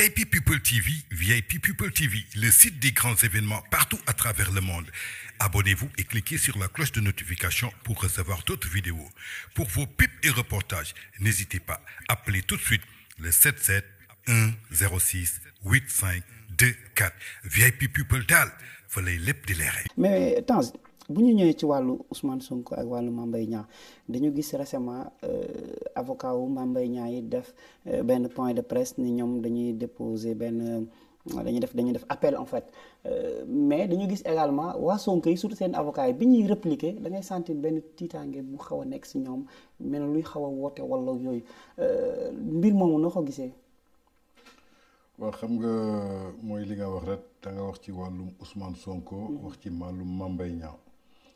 VIP People TV, VIP People TV, le site des grands événements partout à travers le monde. Abonnez-vous et cliquez sur la cloche de notification pour recevoir d'autres vidéos. Pour vos pipes et reportages, n'hésitez pas, appelez tout de suite le 77 106 85 24. VIP People DAL, fallait l'EP Mais attends, bu ñu ñëwee ci wàllu Ousmane Sonko ak wàllu mambay Mbaye Niang dañu gis récemment euh, avocat wu mambay Niang yi def euh, benn point de presse ni ñoom dañuy déposer benn euh, dañuy def dañuy def appel en fait mais dañu gis également waa Sonko yi surtout seen avocat yi bi ñuy répliquer da ngay sentir benn tiitaange bu xaw a nekk si ñoom mel luy xaw a woote wala yooyu mbir moomu noo ko gisee. xam nga mooy li nga wax rek da nga wax ci wàllum Ousmane Sonko. Mm-hmm. wax ci wàllum mambay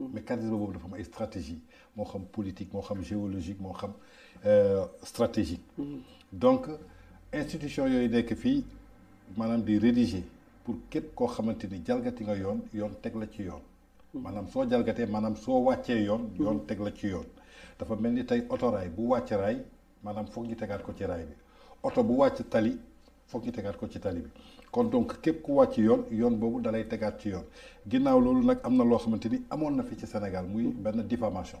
Mm-hmm. mécanisme boobu dafa am ay stratégie moo xam politique moo xam géologique moo xam euh, stratégique mm-hmm. donc institution yooyu nekk fii maanaam di rédiger pour képp koo xamante ni jalgati nga yoon yoon teg la ci yoon mm-hmm. maanaam soo jalgatee maanaam soo wàccee yoon yoon teg la ci yoon dafa mel ni tey otoraay bu wàcc raay maanaam foog ñu tegaat ko ci raay bi oto bu wàcc tali foog ñu tegaat ko ci tali bi kon donc képp ku wàcc yoon yoon boobu dalay tegaat ci yoon diffamation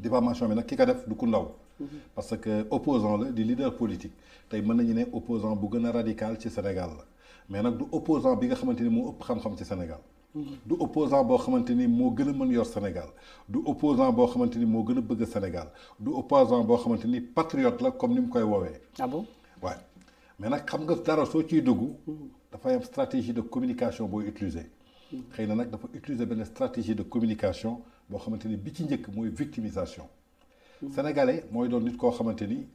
diffamation bi ki du ku mhm. parce que opposant la leader politique tey mën nañu ne opposant bu radical Sénégal mais nag du opposant bi nga xam-xam Sénégal mhm. du opposant boo xamante yor Sénégal du opposant boo xamante Sénégal du opposant boo patriote comme ni ah bon mais nak xam nga dara soo ciy dugg dafay am stratégie de communication booy utiliser. xëy na nag dafa utiliser benn stratégie de communication boo xamante ni bi ci njëkk mooy victimisation. sénégalais mooy doon nit koo xamante ni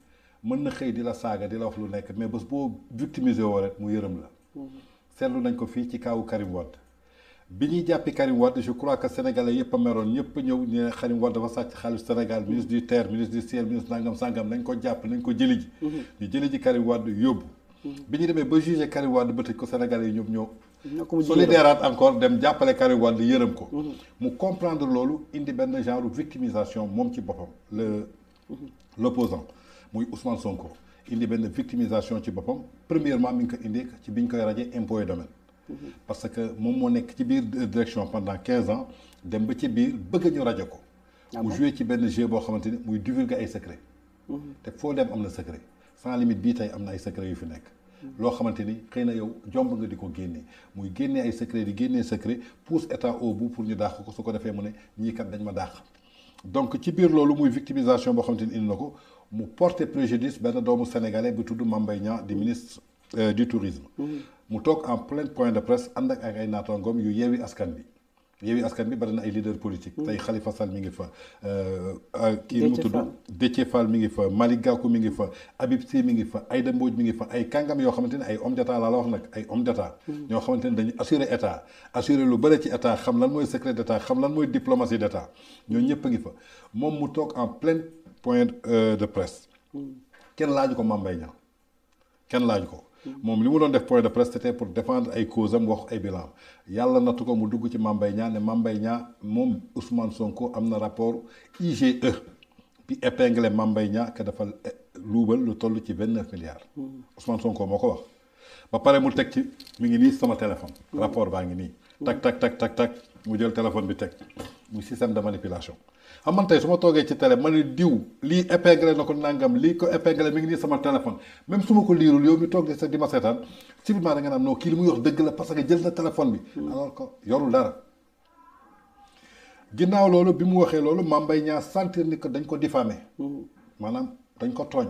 mën na xëy di la saaga di la wax lu nekk mais bés boo victimiser woo rek mu yërëm la. Mmh. seetlu nañ ko fii ci kaawu Karim Wade bi ñuy Karim Wade je crois que sénégalais yëpp a meroon ñëpp ñëw ne Karim Wade dafa sàcc xaalis Sénégal ministre du terre ministre du ciel ministre nangam sangam nañ ko jàpp nañ ko jëli ji. Mhm. ñu jëli ji Karim Wade yóbbu. Mhm. bi ñu demee ba jugé Karim Wade ba ko sénégalais yi ñoom ñoo. solidaire encore dem jàppale Karim Wade yërëm ko. Mhm. mu comprendre loolu indi benn genre victimisation moom ci boppam le. l' opposant muy Ousmane Sonko indi benn victimisation ci boppam premièrement mi ngi ko indi ci biñ koy rajee impôt domaine. Mm-hmm. parce que moom moo ci biir direction pendant 15 ans dem ba ci biir bëgg ñu rajo ko ah mu joué ci ben jeu bo xamanteni muy divulguer ay secret mm-hmm. te fo dem amna secret sans limite bi tay amna ay secret yu fi nek mm-hmm. lo xamanteni xeyna yow jomb nga diko ko muy génne ay secret di génne secret pousse état au bout pour ñu dakh ko su ko défé mu né ñii kat dañ ma dakh donc ci biir lolu muy victimisation bo xamanteni ni indi na mu porter préjudice ben doomu sénégalais bu tuddu Mame Mbaye di ministre euh, du tourisme. mu toog en plein point de presse Andak ak ay naataangoom yu yeewi askan bi yeewi askan ay leader politique hmm. tey Khalifa Sall mi ngi fa euh, kii mu tudd Déthié Fall mi ngi fa Malick Gakou mi ngi fa Habib Sy mi ngi fa Aïda Mbodj mi ngi fa ay kàngam yoo xamante ay homme d'état la wax ay homme hmm. assurer état assurer lu ci état xam lan secret d'état xam lan diplomatie d'état ñooñu ñëpp a fa mu en plein point euh, de presse hmm. Ken laaju ko Mame Mbaye Niang kenn ko moom li mu doon def point de presse c'était pour défendre ay cause am wax ay bilan yàlla nattu ko mu dugg ci Mame Mbaye Niang ne Mame Mbaye moom Ousmane Sonko am na rapport IGE bi épinglé Mame Mbaye Niang que luubal lu toll ci vingt neuf milliards hmm. Ousmane Sonko moo ko wax ba pare mu teg ci mu ngi nii sama téléphone hmm. rapport baa ngi nii tak tak tak tak tak mu jël téléphone bi teg muy système de manipulation xam man tey su ma toogee ci télé ma ne diw lii épinglé na ko nangam lii ko épinglé mi ngi nii sama téléphone même su ma ko liirul yow mi toog di sa di ma seetaan civilement da nga am non kii li muy wax dëgg la parce que jël na téléphone bi hmm. alors que yorul dara ginnaaw loolu bi mu waxee loolu mambay ñaa sentir ni que dañ ko diffamé hmm. maanaam dañ ko tooñ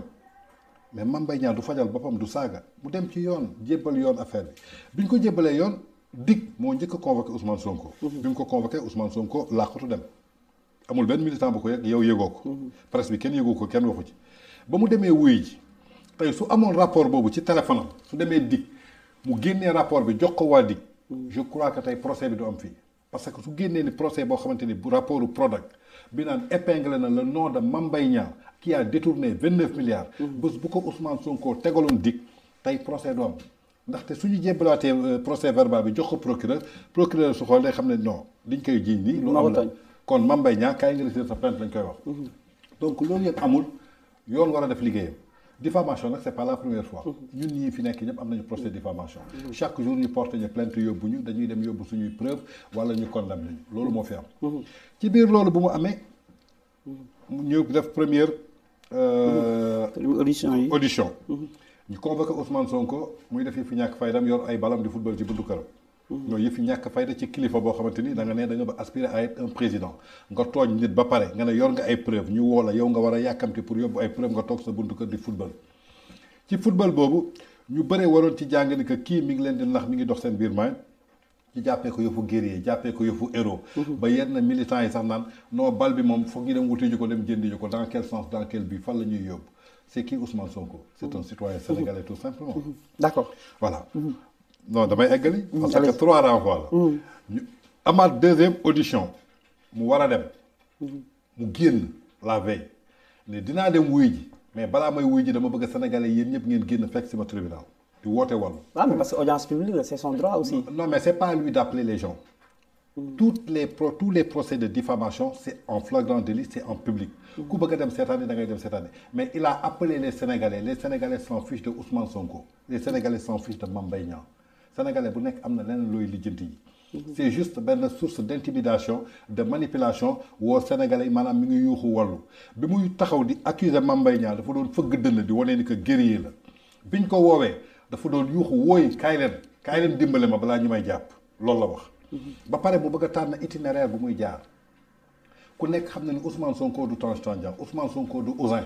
mais mambay ñaa du fajal boppam du saaga mu dem ci yoon jébbal yoon affaire bi biñ ko jébbalee yoon dig moo njëkk convoqué Ousmane Sonko hmm. bi mu ko convoqué Ousmane Sonko làqatu dem amul ben militant bu ko yëg yow yëgoo ko. Mhm. presse bi kenn yëgoo ko kenn waxu ci. ba mu deme wuyu ji tay su amone rapport bobu ci téléphone su deme dik mu rapport bi jox ko wa dik mhm. je crois que tay procès bi do am fi parce que su génnee ni procès bo xamanteni bu rapportu product, bi nan épinglé na le nom de Mambay Mbaye Niang qui a détourné 29 milliards. Mhm. bés bu ko Ousmane Sonko tegaloon dik tay procès do am. ndaxte suñu ñu euh, procès verbal bi jox ko procureur procureur su xol day xam non liñ koy jiiñ kon Mame Mbaye Niang kaay nga ci sa plainte lañ koy wax. Mhm. donc loolu yëpp amul yoon war a def liggéeyam. diffamation nag c'est pas la première fois. Mhm. ñun ñii fi nekk ñëpp am nañu procès diffamation. Mhm. chaque jour ñu porté ñu plainte yóbbu ñu dañuy dem yóbbu suñuy preuve wala ñu condamné ñu loolu moo fi am. ci biir loolu bu mu amee. ñu def première. Euh, audition ñu convoqué Ousmane Sonko muy def fi ñàkk faydam yor ay balam di football ci buntu këram yooyu mmh. yëpp ñàkk fayda ci kilifa boo xamante ni da nga ne da nga ba aspirer à être un président nga tooñ nit ba pare nga ne yor nga ay preuve ñu woo la yow nga war a yàkkamti pour yóbbu ay preuve nga toog sa buntu kër di football ci football boobu ñu bëree waroon ci jàng ni que kii mi ngi leen di nax mi ngi dox seen biir maay ci jàppee ko yëfu guerrier jàppee ko yëfu héros mmh. ba yenn militants yi sax naan non bal bi moom foog ñu dem wuti ko dem jëndi ko dans quel sens dans quel bi fan la ñuy yóbbu c'est qui Ousmane Sonko c'est mmh. un citoyen sénégalais tout simplement d'accord voilà non damay eggali. Mm. parce que trois renvois À ma mm. deuxième audition mu wara dem. Mm. mu guen la veille ne dinaa dem wuy mais bala may wuyji dama bëgg sénégalais yeen ñep ngeen guen fekk si ma tribunal di woté wal Ah mais parce que audience publique c'est son droit aussi. non mais c'est pas à lui d'appeler les gens. toutes les tous les procès de diffamation c'est en flagrant délit c'est en public. bëgg da ngay mais il a appelé les sénégalais les sénégalais s'en fichent de Ousmane Sonko les sénégalais s'en fichent de Mame sénégalais pour nekk am na leneen looy lijjanti mhm. c'est juste benn source d'intimidation de manipulation woo sénégalais maanaam mi ngi yuuxu wàllu bi muy taxaw di accuser Mame Mbaye Niang dafa doon fëgg dënn di wanee ni que guerrier la biñ ko woowee dafa doon yuuxu wooy kaay leen kaay dimbale ma balaa ñu may jàpp loolu la wax mhm. ba pare mu bëgg a itinéraire bu muy jaar ku nekk xam na Ousmane Sonko du Tange Tandian Ousmane Sonko du Ousin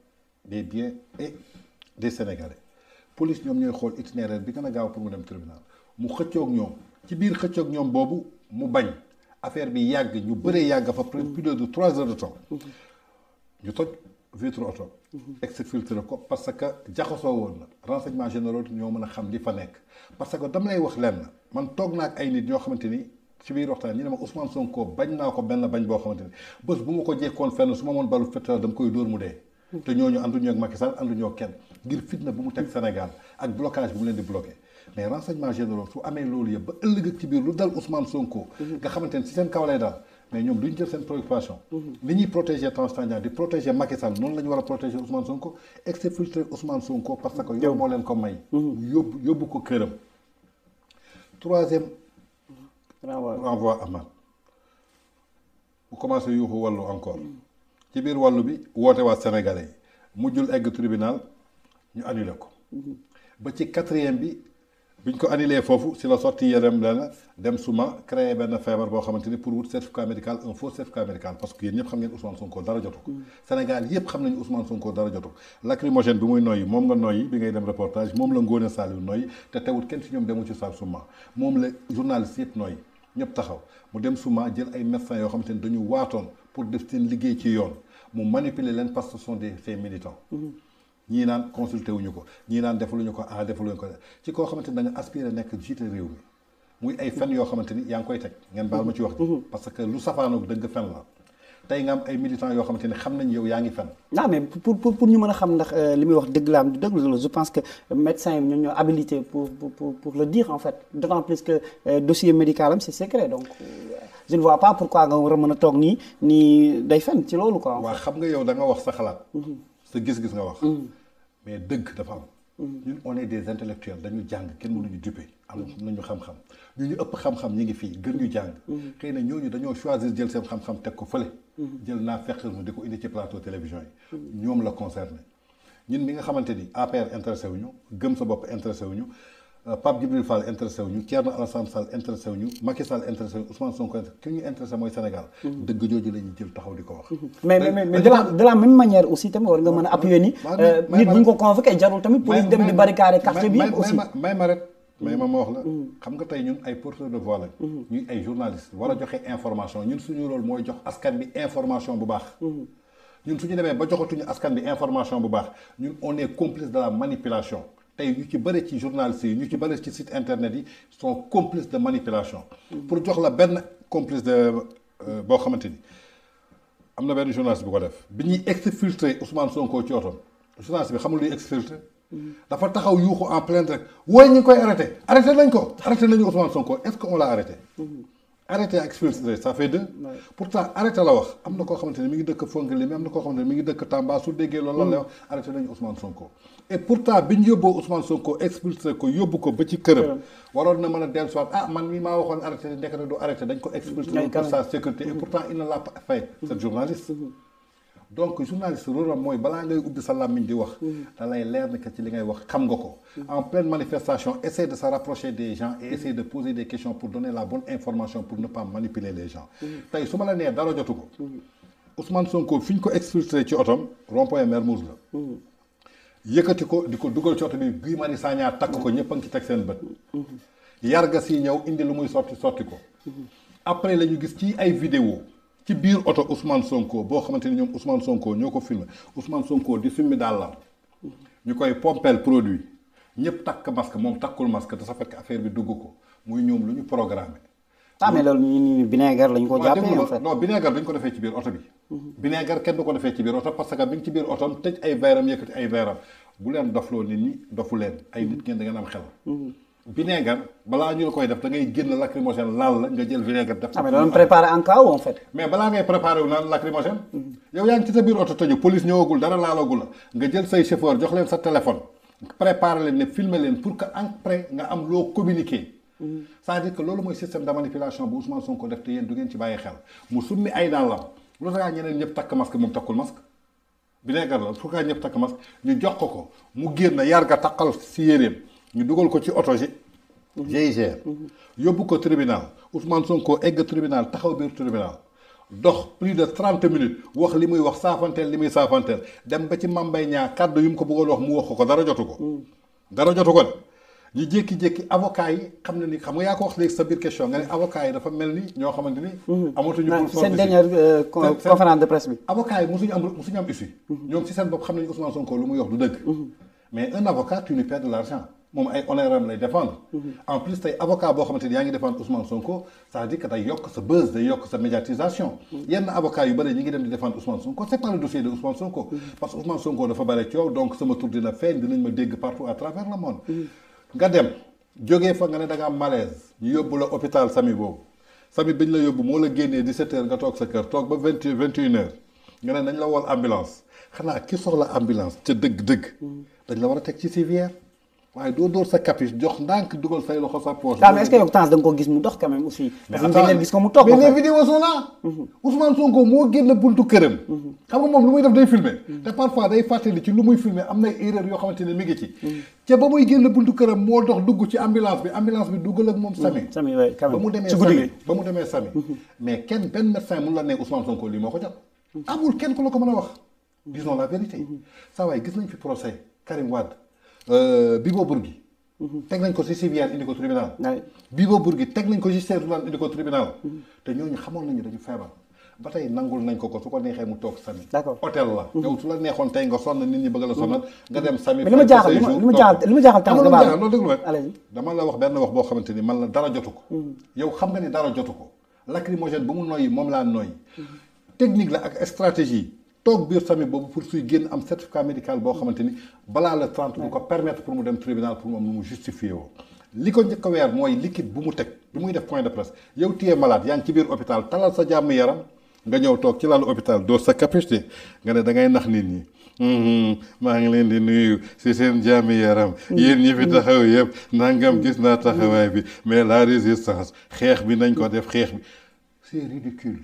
des biens et des Sénégalais police ñoom ñooy xool itinéraire bi gën a gaaw pour mu dem tribunal mu xëccoog ñoom ci biir xëccoog ñoom boobu mu bañ affaire bi yàgg ñu bëree yàgg fa plus de trois heures de temps mm-hmm. ñu toj vitre oto mm-hmm. exfiltré ko parce que jaxasoo woon na renseignement généraux ñoo mën a xam li fa nekk parce que dama wax wax lenn man toog naa ak ay nit ñoo xamante ni ci biir waxtaan ñu ne ma Sonko bañ naa ko benn bañ boo xamante ni bés bu ma ko jekkoon fenn su ma moon balu fetal dama koy dóor mu dee te ñooñu ànduñu ak Macky Sall ànduñu ak kenn ngir fitna bu mu teg Sénégal ak blocage bu mu leen di bloqué mais renseignement généraux su amee loolu yëpp ba ëllëg ak ci biir lu dal Ousmane Sonko. Mhm. nga xamante ne si seen kaw lay daal mais ñoom duñ jël seen préoccupation. li mhm. ñuy protéger Tange di protéger Macky Sall noonu la ñu war a protéger Ousmane Sonko exfiltrer Ousmane Sonko parce que yow moo leen ko may. Mhm. yóbbu yóbbu ko këram. troisième. renvoi renvoi Amath. bu commencé yuuxu wàllu encore. ci biir wàllu bi woote waa sénégalais yi mujjul egg tribunal ñu annulé ko ba ci quatrième bi biñ ko annulé foofu si la sorti yërëm la dem suma créé benn feebar boo xamante ni pour wut certificat médical un faux certificat médical parce que yéen ñëpp xam ngeen Ousmane Sonko dara jotu Sénégal yëpp xam nañu Ousmane Sonko dara jotu ko lacrymogène bi muy noyyi moom nga noyyi bi ngay dem reportage moom la Ngóone Saliou noyyi te teewut kenn si ñoom demu ci sal suma moom la journaliste yëpp noyyi ñëpp taxaw mu dem suma jël ay médecins yoo xamante ni dañu waatoon pour def seen liggéey ci yoon mu manipuler len parce que ce sont des faits militants mm-hmm. ñi naan consulté wuñu ko ñii naan defaluñu ko ah defaluñu ko ci ko xamanteni da nga aspirer nek jiite réew mi muy ay fen yo xamanteni yang koy teg ngeen baal ma ci wax mm-hmm. parce que lu safano deug fen la tay nga am ay militants yo xamanteni ni xam nañ yow yaa ngi fen non mais pour pour pour ñu mën xam ndax euh, limi wax deug la am du dëgg je pense que médecin yi ñoo habilité pour pour pour le dire en fait d'autant plus que euh, dossier médical am c'est secret donc euh, je ne vois pas pourquoi nga war a mën a toog nii nii day fen ci loolu quoi. waa xam nga yow danga wax sa xalaat. Mm-hmm. sa gis-gis nga wax. Mm-hmm. mais dëgg dafa am. Mm-hmm. ñun on des intellectuels dañu jàng kenn mu mënuñu dupe am ñu xam-xam ñu ñu ëpp xam-xam ñi ngi fii gën ñu jàng xëy na ñooñu dañoo choisir jël seen xam-xam teg ko fële jël naa fekk mu di ko indi ci plateau télévision yi ñoom la concerné ñun mi nga xamante ni APR intéressé ñu gëm sa bopp intéressé wuñu Euh, Pape Djibril Fall intéressé ñu Alassane Sall intéressé Macky Sall intéressé Ousmane Sonko ki intéressé Sénégal. Mhm. dëgg la jël taxaw mhm. mais mais mais de la même manière aussi tamit war nga mën ni. Euh, nit ko convoqué jarul tamit. police dem di barricade quartier bi aussi. ma wax la. Mhm. xam nga porteurs de voix ñuy journalistes war information ñun suñu rôle mooy jox askan bi information bu baax. on est complice de la manipulation tey ñu ci bëri ci journalistes yi ñu ci bëri ci site internet yi sont complices de manipulation. pour jox la benn complice de euh, boo xamante ni am na benn journaliste bu ko def. bi ñuy exfiltrer Ousmane Sonko ci otoom journaliste bi xamul luy exfiltrer. dafa taxaw yuuxu en plainte rek wooy ñu ngi koy arrêté arrêté nañ ko arrêté nañu Ousmane Sonko est-ce qu'on l'a arrêté. arrêté ak ça fait deux pourtant arrêté la wax am na koo xamante ne mi ngi dëkk Fongolimbi am na koo xamante ne mi ngi dëkk Tamba su déggee loolu la wax arrêté nañu Ousmane Sonko et pourtant biñ ñu Ousmane Sonko expulse ko yóbbu ko ba ci këram. waroon na mën a soit ah man mii ma waxoon arrêté ndekete du arrêté dañ ko expulser pour sa sécurité et pourtant il ne l'a pas fait mmh. cette journaliste mmh. donc journaliste rôle moy bala ngay ubbi sa lamine di wax mmh. da lay leer ne ci li ngay wax xam nga ko en pleine manifestation essayer de se rapprocher des gens et essayer de poser des questions pour donner la bonne information pour ne pas manipuler les gens tay suma la né dara jotu ko Ousmane Sonko fiñ ko expulser ci otom rond-point Mermoz la yëkkati ko di dugal ci oto bi takk ko ñëpp ci teg seen bët. yarga si ñëw indi lu muy sotti sotti ko. après la ñu gis ci ay vidéo ci biir oto Ousmane Sonko Ousmane Sonko Ousmane Sonko di pompel produit masque masque affaire bi dugg ko muy ñoom lu ah mais loolu ñun vinaigre lañ ko jàppee en fait non vinaigre dañ ko defee ci biir oto bi vinaigre kenn du ko defee ci biir oto parce que bi ngi ci biir oto tëj ay veeram yëkkati ay veeram bu leen dofloo nit ñi dofu leen ay nit ngeen da ngeen am xel vinaigre balaa ñu la koy def da ngay génn lacrymogène laal la nga jël vinaigre def ah mais doon préparé en cas en fait mais balaa ngay préparé wu naan lacrymogène yow yaa ngi ci sa biir oto tëju police ñëwagul dara laalagu la nga jël say chauffeur jox leen sa téléphone préparé leen ne filmer leen pour que après nga am loo communiquer c'est-à-dire que loolu mooy système de manipulation bu Ousmane Sonko def te yéen du ngeen ci bàyyi xel mu summi ay dàllam lu tax ñeneen ñëpp takk masque moom takkul masque bi nekkat la su kaa ñëpp takk masque ñu jox ko ko mu génn yar ga takkal si yéreem ñu dugal ko ci oto ji GIGN yóbbu ko tribunal Ousmane Sonko egg tribunal taxaw biir tribunal dox plus de trente minutes wax li muy wax saafanteel li muy saafanteel dem ba ci Mame Mbaye kàddu yu mu ko bëggoon wax mu wax ko dara jotu ko dara jotu ko mm. ñu jékki-jékki avocat yi xam na ni xam nga yaa ko wax léegi sa biir question nga ne avocat yi dafa mel ni ñoo xamante ni mhm. amatuñu pour seen dernière euh, conférence de presse bi avocat yi musuñu am musuñu am issue mhm. ñoom ci seen bopp xam nañu Ousmane Sonko lu muy wax du dëgg mhm. mais un avocat tu ne perds de l'argent moom ay honneur am lay défendre en plus tey avocat boo xamante ni yaa ngi défendre Ousmane Sonko ça veut dire que day yokk sa buzz day yokk sa médiatisation yenn avocat yu bëri ñi ngi dem di défendre Ousmane Sonko c'est pas le dossier de Ousmane Sonko parce que Ousmane Sonko dafa bëri coow donc sama tur dina feeñ dinañ ma dégg partout à travers le monde nga dem jóge fa nga ne danga am malaise ñu yóbbu la hôpital sami boobu sami bi ñu la yóbbu moo la génnee 17h nga toog sa kër toog ba vingt vingt une heure nga ne nañ la wool ambulance xanaa ki soxla ambulance ca dëgg-dëgg mm. dañ la war a teg ci civière waaye doo door sa capiche jox ndànk dugal say loxo sa poche. mais est-ce que yow temps da nga ko gis mu dox quand même aussi. parce que da ngeen gis ko mu toog mais les vidéos sont là. Ousmane Sonko moo génn buntu këram. xam nga moom lu muy def day filmer. te parfois day fàttali ci lu muy filmer am na erreur yoo xamante ne mi ngi ci. ca ba muy génn buntu këram moo dox dugg ci ambulance bi ambulance bi duggal ak moom Sami. Sami waay ba mu demee Sami ba mu demee Sami. mais kenn benn médecin mun la ne Ousmane Sonko lii moo ko jot. amul kenn ku la ko mën a wax. disons la vérité. saa waay gis nañ fi procès Karim Wade Euh, Bibo Bourgui. Mhm. teg nañ ko ci civière indi ko tribunal. Bibo Bourgui teg nañ ko ci tribunal indi ko tribunal. Mhm. te ñooñu xamoon nañu dañu feebar. ba tey nangul nañ ko ko su ko neexee mu toog sami. d'accord hôtel la. Mhm. yow su la neexoon tey nga sonn nit ñi bëgg la sonal. nga dem sami. mais li ma jaaxal li ma jaaxal dama la wax benn wax boo xamante ni man la dara jotu ko. yow xam nga ni dara jotu ko. lacrymogène ba mu noyyi moom laa noyyi. technique la ak stratégie toog biir famille boobu pour suy génn am certificat médical boo xamante ni balaa la 30 du ko permettre pour mu dem tribunal pour mu am lu mu justifié li ko njëkk weer mooy liquide bu mu teg bi muy def point de presse yow téye malade yaa ngi ci biir hôpital talal sa jàmm yaram nga ñëw toog ci lalu hôpital doo sa capuche nga ne da ngay nax nit ñi. maa ngi leen di nuyu si seen jàmmi yaram yéen ñi fi taxaw yëpp nangam gis naa taxawaay bi mais la résistance xeex bi nañ ko def xeex bi c'est ridicule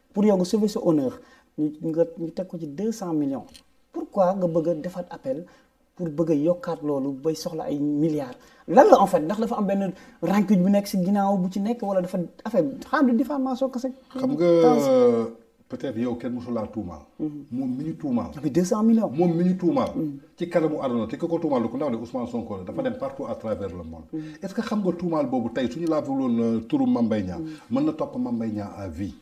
pour yow nga sauver sa honneur ñu nga ñu teg ko ci deux cent millions pourquoi nga bëgg defaat appel pour bëgg a yokkaat loolu bay soxla ay milliards lan la en fait ndax dafa am benn rancune bu nekk si ginnaaw bu ci nekk wala dafa affaire xam du diffamation kese nga peut-être yow kenn mosul laa tuumaal mhm. moom mi ñu tuumaal ah, mais deux moom mi ñu tuumaal mhm. ci kanamu àdduna te ki ko tuumaal lu ko ndaw le Ousmane Sonko la dafa dem partout à travers le monde mhm. est-ce que xam nga tuumaal boobu tey suñu laa fi loon euh, turu Mame Mbaye Niang mën na topp Mame Mbaye Niang à vie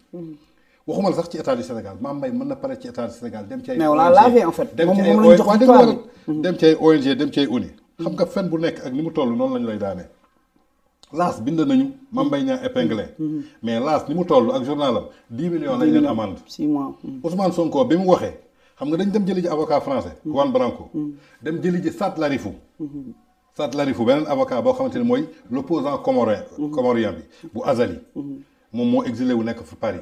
waxuma sax ci état du Sénégal Mame Mbaye mën na pare ci état du Sénégal dem ci ay. mais on l'a lavé en fait. dem ci ay dem ci ay ONG dem ci ay ONU. xam nga fen bu nekk ak ni mu toll noonu lañ lay daane. laas bind nañu Mame Mbaye Niang épinglé. Mm-hmm. Mm-hmm. mais laas ni mu toll ak journalam dix millions lañ leen amende. six mois mm-hmm. Ousmane Sonko bi mu waxee. xam nga dañ dem jëli ji avocat français. Juan Branco. dem jëli ji Saad Larifou. Saad Larifou beneen avocat boo xamante ne mooy l'opposant comorien comorien bi bu Azali. moom moo exilé wu nekk fa Paris.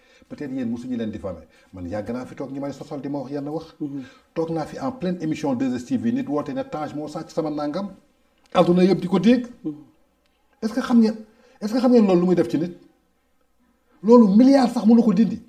peut-être yéen musuñu len difamé man yag na fi tok ñi may sosal di ma wax yenn wax tok na fi en pleine emission de 2STV nit wote na Tange mo sàcc sama nangam aduna yeb diko deg est est-ce que xam ngeen est-ce que xam ngeen loolu lu muy def ci nit loolu milliard sax mënu ko dindi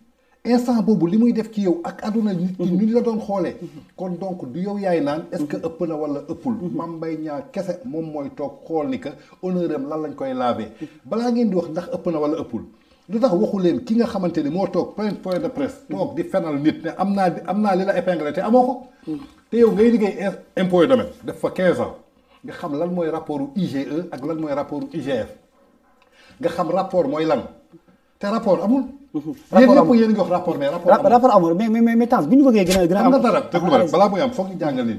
instant bobu li muy def ci yow ak aduna nit ñi ñu la doon xolé kon donc du yow yaay naan est-ce que ëpp na wala ëppul mam bay Niang kesse mom moy tok xol ni ka honneuram lan lañ koy laver bala ngeen di wax ndax ëpp na wala ëppul lu tax waxu leen ki nga xamante ni moo toog point point de presse. toog di fenal nit ne am naa am naa li la épinglé te amoo ko. te yow ngay liggéey impôt domaine def fa 15 ans nga xam lan mooy rapport IGE ak lan mooy rapport IGF nga xam rapport mooy lan te rapport amul. rapport amul yéen ñëpp yéen ngi wax rapport mais. rapport amul rapport amul mais mais mais temps bi ñu bëggee gën a. gën a am am na dara déglu ma rek balaa muy am foog ñu jàngal nit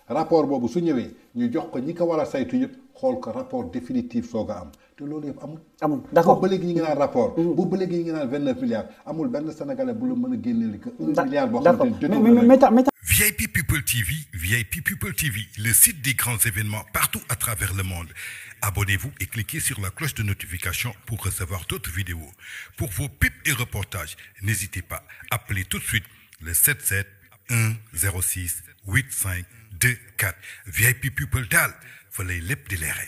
rapport bobu su ñëwee ñu jox ko ñi ko war saytu yëpp xool ko rapport définitif soog a am té loolu yëpp amul. amul d'accord ba légui ñu ngi naan rapport. bu ba léegi ñu ngi naan mm-hmm. vingt milliards amul benn sénégalais bu lu mëna a li 1 milliard bo xamante ni VIP People TV, VIP People TV, le site des grands événements partout à travers le monde. Abonnez-vous et cliquez sur la cloche de notification pour recevoir d'autres vidéos. Pour vos pips et reportages, n'hésitez pas, appelez tout de suite le 77 106 85 2 4 VIP people daal fa lay lépp di leere